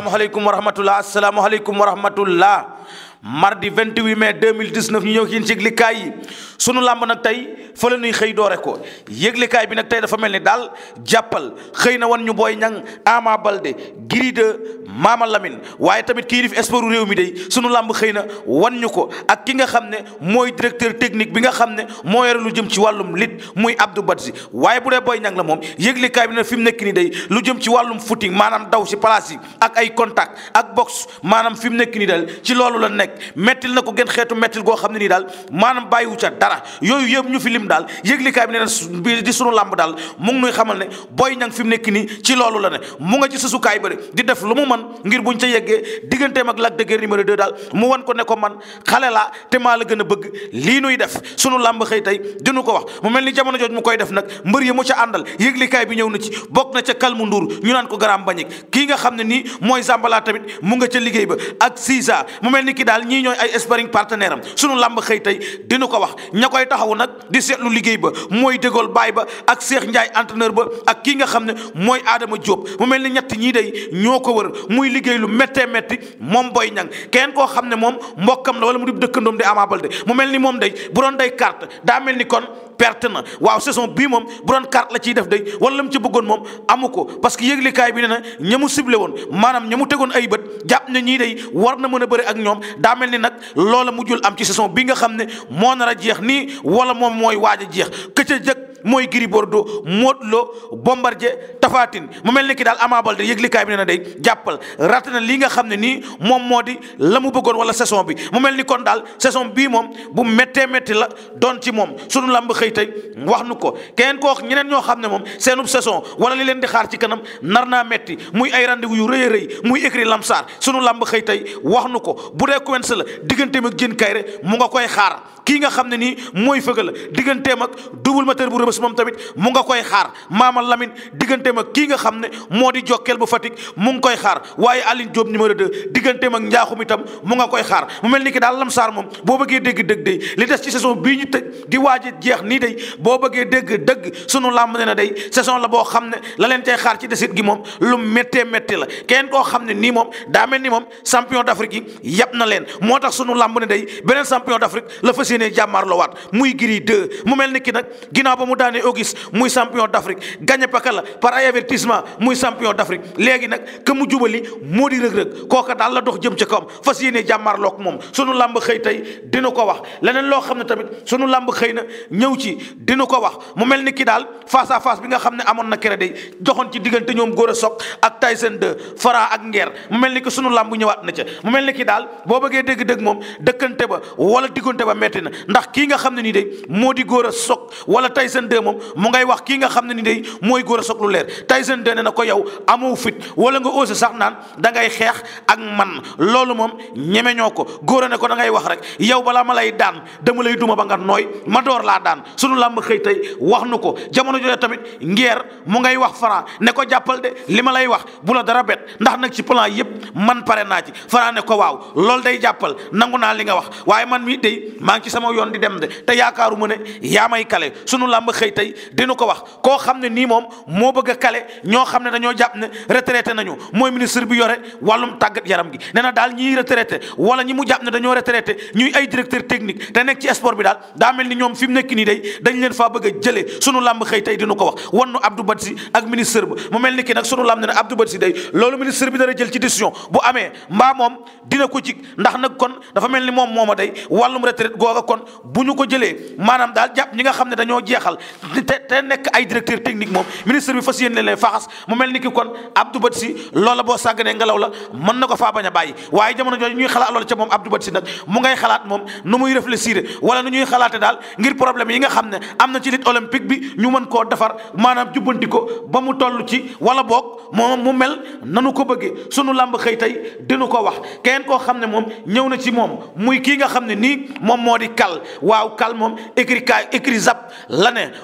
asalaamaaleykum wa rahmatulah asalaamaaleykum wa rahmatulah mardi 28 mai 2019 ñu ñëw ci yëglikaay yi sunu làmb nag tey foo la ñuy xëy doore ko yëglikaay bi nag tey dafa mel ni daal jàppal xëy na wan ñu booy ñang Ama Baldé Gris maama Lamine waaye tamit kii def sport réew mi day sunu làmb xëy na wan ñu ko ak ki nga xam ne mooy directeur technique bi nga xam ne moo lu jëm ci wàllum lit muy Abdou Badji waaye bu dee Boy la moom yëglikaay bi na fi mu nekk nii day lu jëm ci wàllum footing maanaam daw si place ak ay contact ak box maanaam fi mu nekk nii daal ci loolu la nekk mettil na ko gën xeetu goo xam ne nii daal maanaam bàyyiwu yooyu yëpp ñu fi lim daal yëglikaay bi ne bi di sunu làmb daal mu ngi nuy xamal ne Boy Niang fi mu nekk nii ci loolu la ne mu nga ci susukaay bëri di def lu mu mën yoon ngir buñ ca yeggee digganteem ak Lac de Guiers numéro 2 daal mu wan ko ne ko man xale laa te maa la gën a bëgg lii nuy def sunu làmb xëy tey dinu ko wax mu mel ni jamono jooj mu koy def nag mbër yi mu ca àndal bi na ci na ca kalmu nduur ñu naan ko garaam bañik kii nga xam ne nii mooy zambala tamit mu nga ca liggéey ba ak mu mel ni ki daal ñii ñooy ay sparring partenaire am sunu làmb xëy tey ko wax ña koy taxawu nag di seetlu liggéey ba mooy dégool baay ba ak Cheikh Ndiaye entraîneur ba ak kii nga xam ne mooy Adama Diop mu mel ni ñett ñii day ñoo ko wër muy liggéey lu méttee métti moom booy Niang keneen koo xam ne moom mbokkam na wala mu di dëkkandoom di Ama de mu mel ni moom day bu doon day carte daa mel ni kon perte na waaw saison bii moom bu doon carte la ciy def day wala la mu ci bëggoon moom amu ko parce que yëglikaay bi ne na ña mu ciblé woon maanaam ña mu tegoon ay bët jàpp na ñii day war na mën a bëri ak ñoom daa mel ni nag loola mu jul am ci saison bi nga xam ne moo nar a jeex nii wala moom mooy waaj a jeex ka ca jëkk mooy Gris Bordeaux moo Lo Bombardier Tapha Tine mu mel ni kii daal Ama Baldé yëglikaay bi nee na day jàppal raté na li nga xam ne nii moom moo di la mu bëggoon wala saison bi mu mel ni kon daal saison bii moom bu méttee métti la doon ci moom sunu lamb xëy tey wax nu ko keneen koo ñeneen ñoo xam ne moom seenub saison wala li leen di xaar ci kanam nar naa métti muy ay rendez-vous yu rëy a rëy muy écrit lamsaar xëy tey wax nu ko bu dee Quench la digganteem ak Diène mu nga koy xaar kii nga xam ne nii mooy fëgal digganteem ak double moteur bu bés moom tamit mu nga koy xaar maama Lamine digganteem ak kii nga xam ne moo di jokkeel bu Fatick mu ngi koy xaar waaye Aline Diop numéro 2 digganteem ak njaaxum itam mu nga koy xaar mu mel ni ki daal Lamsaar moom boo bëggee dégg dëgg day li des ci saison bii ñu tëj di waaj jeex nii day boo bëggee dégg dëgg sunu làmb ne na day saison la boo xam ne la leen tey xaar ci desit gi moom lu méttee métti la kenn koo xam ne nii moom daa mel ni moom champion d'Afrique yi yàpp na leen moo tax sunu làmb ne day beneen champion d'Afrique la fas yéenee jàmmaarloo waat muy daanee Auguste muy champion d'Afrique gagné Pakala par ay avertissement muy champion d'Afrique léegi nag que mu jubali moo di rëg-rëg kooka daal la dox jëm ca kawam fas yéene jàmmarloog moom sunu làmb xëy tey dina ko wax leneen loo xam ne tamit sunu làmb xëy na ñëw ci dina ko wax mu mel ni ki daal face à face bi nga xam ne amoon na kere day doxoon ci diggante ñoom góor a sok ak Tyson 2 Fara ak Ngeer mu mel ni ki sunu làmb ñëwaat na ca mu mel ni ki daal boo bëggee dégg-dégg moom dëkkante ba wala diggante ba metti na ndax kii nga xam ne nii 2 moom mu ngay wax kii nga xam ne ni day mooy góor a soog lu leer Tyson 2 ne na ko yow amoo fit wala nga osé sax naan da ngay xeex ak man loolu moom ñeme ko góor a ne ko da ngay wax rek yow balaa ma lay daan dama lay duma ba nga nooy ma door laa daan sunu làmb xëy tey wax nu ko jamono jooju tamit ngeer mu ngay wax faraa ne ko jàppal de li ma lay wax bu la dara bet ndax nag ci plan yëpp man pare naa ci Franc ne ko waaw loolu day jàppal nangu naa li nga wax waaye man mii day maa sama yoon di dem de te yaakaaru ma xëy tey dinu ko wax koo xam ne nii moom moo bëgg a kale ñoo xam ne dañoo jàpp ne retraité nañu mooy ministre bi yore wàllum tàggat yaram gi nee na daal ñiy retraité wala ñi mu jàpp ne dañoo retraité ñuy ay directeur technique te nekk ci sport bi daal daa mel ni ñoom fi mu nekk nii day dañ leen faa bëgg a jëlee sunu làmb xëy tey dinu ko wax wannu Abdou Badji ak ministre ba mu mel ni ki nag sunu làmb ne ne Abdou Badji day loolu ministre bi dara jël ci décision bu amee mbaa moom dina ko jig ndax nag kon dafa mel ni moom mooma day wàllum retraite googa kon bu ñu ko jëlee maanaam daal jàpp ñi nga xam ne dañoo jeexal te te nekk ay directeur technique moom ministre bi fas yéene leen faxas mu mel ni ki kon Abdou Badji loola boo sàgganee ngelaw la mën na ko faa bañ a bàyyi waaye jamono jooju ñuy xalaat loola ca moom Abdou Badji nag mu ngay xalaat moom nu muy réfléchir wala nu ñuy xalaate daal ngir problème yi nga xam ne am na ci lutte olympique bi ñu mën koo defar maanaam jubbanti ko ba mu tollu ci wala boog moom mu mel na nu ko bëggee sunu làmb xëy tey dinu ko wax keneen koo xam ne moom ñëw na ci moom muy kii nga xam ne nii moom moo di kal waaw kal moom écrit ka écrit zap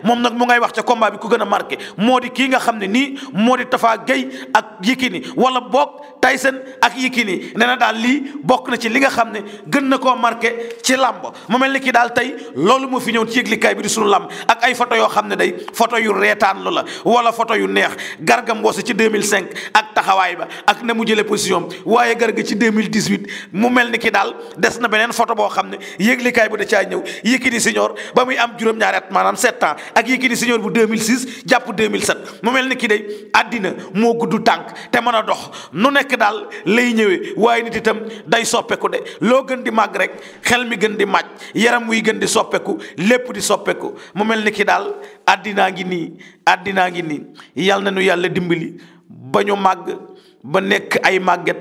moom nag mu ngay wax ca combat bi ku gën a marqué moo di kii nga xam ne nii moo di Tafa Gueye ak Yékini wala boog Tyson ak Yékini nee na daal lii bokk na ci li nga xam ne gën na koo marqué ci làmb mu mel ni kii daal tey loolu moo fi ñëw ci bi di sunu làmb ak ay photo yoo xam ne day photo yu reetaan lu la wala photo yu neex Garga Mbossé ci 2005 ak taxawaay ba ak na mu jëlee position waaye Garga ci 2018 mu mel ni ki daal des na beneen photo boo xam ne yëglikaay bi da caa ñëw Yékini senior ba muy am juróom-ñaari at maanaam sept ans ak Yékini senior bu 2006 jàpp 2007 mu mel ni ki day àddina moo gudd tànk te mën a dox nu nekk daal lay ñëwee waaye nit itam day soppeku de loo gën di màgg rek xel mi gën di màcc yaram wuy gën di soppeku lépp di soppeku mu mel ni ki daal àddinaa ngi nii àddinaa ngi nii yal na nu yàlla dimbali ba ñu màgg ba nekk ay màgget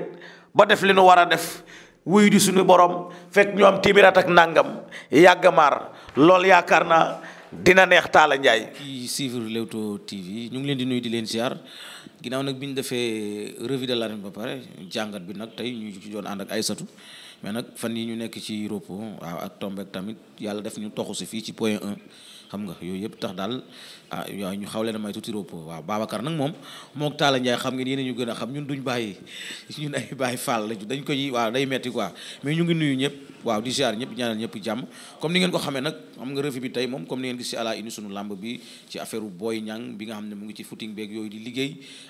ba def li nu war a def wuyu di suñu borom fekk ñu am téeméeraat ak nàngam yàgg lool yaakaar naa dina neex Talla Ndiaye. kii suivre Leewtoo TV ñu ngi leen di nuyu di leen ziar ginnaaw nag bi ñu defee revue de l'arène ba pare jàngat bi nag tey ñu ci doon ànd ak ay Aïssatou mais nag fan yi ñu nekk ci repos waaw ak tombé tamit yàlla def ñu toxu si fii ci point 1. xam nga yooyu yëpp tax daal ah waaw ñu xaw leen a may tuuti ropp waaw Babacar nag moom mook Talla Ndiaye xam ngeen yéen ñu gën a xam ñun duñ bàyyi ñun ay bàyyi faal lañu dañ ko yi waaw day metti quoi ñëpp waaw di comme ni ngeen ko xam nga revue bi tey moom comme ni ngeen gis u Boy Niang bi nga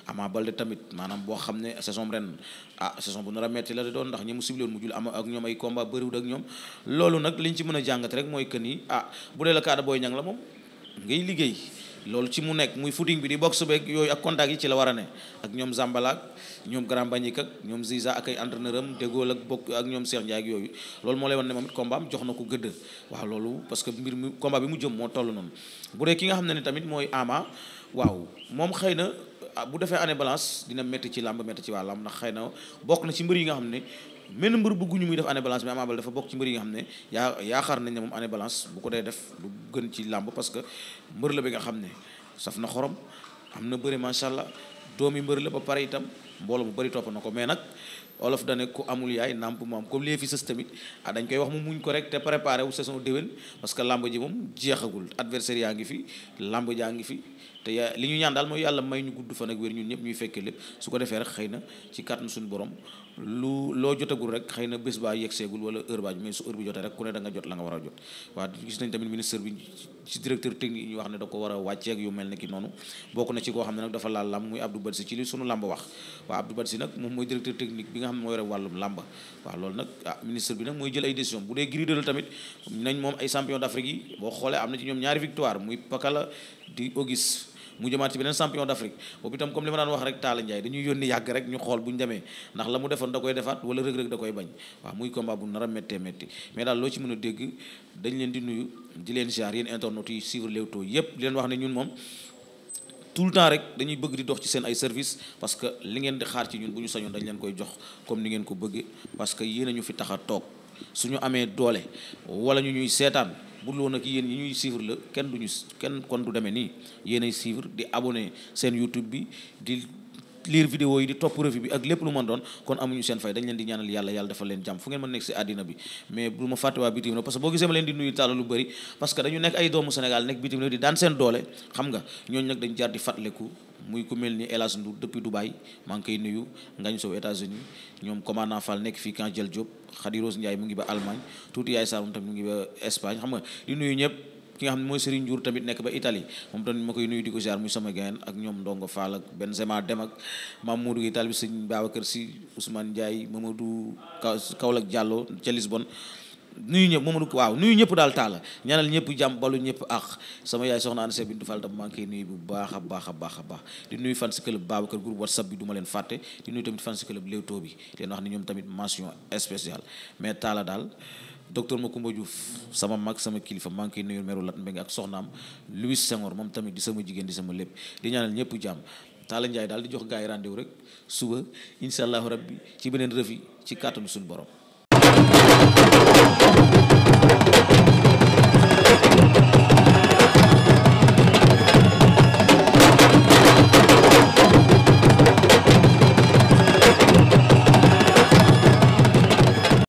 xam boo xam ne saison ren ah saison bu nar a metti la da doon ndax ñi mu sibloon a rek mooy que ni ah bu dee la kaada Boy Niang la moom ngay liggéey loolu ci mu nekk muy footing bi di box beeg yooyu ak contact yi ci la war ne ak ñoom Zambala ak ñoom Grand Bagnic ñoom Ziza ak ay entraîneur am Dégol ak bokk ak ñoom Cheikh Ndiaye yooyu loolu moo lay wan moom it jox na ko gëdd waaw loolu parce que mbir mi combat mu jëm moo toll noonu bu dee ki nga xam ne ne tamit mooy Ama waaw moom xëy na ah, bu defee année balance dina métti ci làmb ci waa làmb ndax xëy na bokk na ci mbir yi nga xam ne menn mbër bëgguñu muy def année balance mais Ama Baldé dafa bokk ci mbër yi nga xam ne yaa yaakaar nañ ne moom année balance bu ko dee def lu gën ci làmb parce que mbër la bi nga xam ne saf na xorom am na bëri macha allah doomi mbër la ba pare itam mbooloo mu bari topp na ko mais nag olof dane ku amul yaay nàmp moom comme lii fi sës tamit ah dañ koy wax mu muñ ko rek te préparé wu saison déwén parce que làmb ji moom jeexagul adversaire yaa ngi fi làmb jaa ngi fi te yaa li ñu ñaan daal mooy yàlla may ñu gudd fan ak wér ñun ñëpp ñuy fekkee lépp su ko defee rek xëy na ci kàttanu suñu borom lu loo jotagul rek xëy na bés baa yegseegul wala heure baa mais su heure bi jotee a ci directeur technique ñu wax ne a wàcceeg yu mel ne ki ne nag dafa laal làmb muy Abdou Badji ci li sunu làmb wax waaw Abdou Badji nag moom mooy directeur technique bi nga xam ne moo yore wàllum làmb waaw loolu nag ah, ministre bi nag mooy jël ay décision bu dee gridal tamit nañ moom ay champion d'Afrique yi am na ci ñoom ñaari victoire muy mu jëmaat ci beneen champion d'Afrique boobu itam comme li ma daan wax rek Talla Ndiaye dañuy yónni yàgg rek ñu xool bu ñu demee ndax la mu defoon da koy defaat wala rëg-rëg da koy bañ waaw muy combat bu nar a méttee métti mais daal loo ci mën a dégg dañ leen di nuyu di leen ziar yéen internautes yi suivre Leewtoo yépp di leen wax ne ñun moom tout le temps rek dañuy bëgg di dox ci seen ay service parce que li ngeen di xaar ci ñun bu ñu sañoon dañ leen koy jox comme ni ngeen ko bëggee parce que yéen a ñu fi tax a toog suñu amee doole wala ñu ñuy seetaan bu dul woon ak yéen yi ñuy suivre la kenn ñu kenn kon du demee nii yéenay suivre di abonné seen YouTube bi di liir vidéo yi di topp revue bi ak lépp lu mën doon kon amuñu seen fay dañ leen di ñaanal yàlla yàlla defal leen jàmm fu ngeen mën nekk si àddina bi mais bu ma fàtte waa bitim réew parce que boo gisee ma leen di nuyu taala lu bëri parce que dañu nekk ay doomu Sénégal nekk bitim réew daan seen doole xam nga ñooñu nag dañ jaar di fàttaliku muy ku mel ni El Hadj Ndour depuis maa ngi koy nuyu ngañ sow États-Unis ñoom commandant Fall nekk fii Kant Diel Diop Khady Rose Ndiaye mu Yaay Sarr moom tam mu ngi ba ki nga xam ne mooy Serigne Ndiour tamit nekk ba Italie moom tamit ma koy nuyu di ko ziar muy sama gain ak ñoom Ndongo Fall ak Benzema Dem ak Mamoudou gi taalibi Serigne Babacar Sy Ousmane Ndiaye Mamadou Kaolack Diallo ca Lisbonne nuyu ñëpp Mamadou waaw nuyu ñëpp daal taala ñaanal ñëpp jàmm ñëpp ak sama yaay soxna Anacim Bintu Fall tam maa ngi koy nuyu bu baax a baax a baax a baax di nuyu fans club Babacar groupe WhatsApp bi du ma leen fàtte di nuyu tamit fans club Leewtoo bi leen wax ñoom tamit mention spéciale mais taala daal ma Macoumba Diouf sama mag sama kilifa maa ngi koy nuyu meru lat mbeng ak soxnaam Louis Senghor moom tamit di sama jigéen di sama lépp di ñaanal ñëpp jàmm Talla Ndiaye daal di jox gars yi rek suba incha allahu rabbi ci beneen rëfi ci kàttanu suñu borom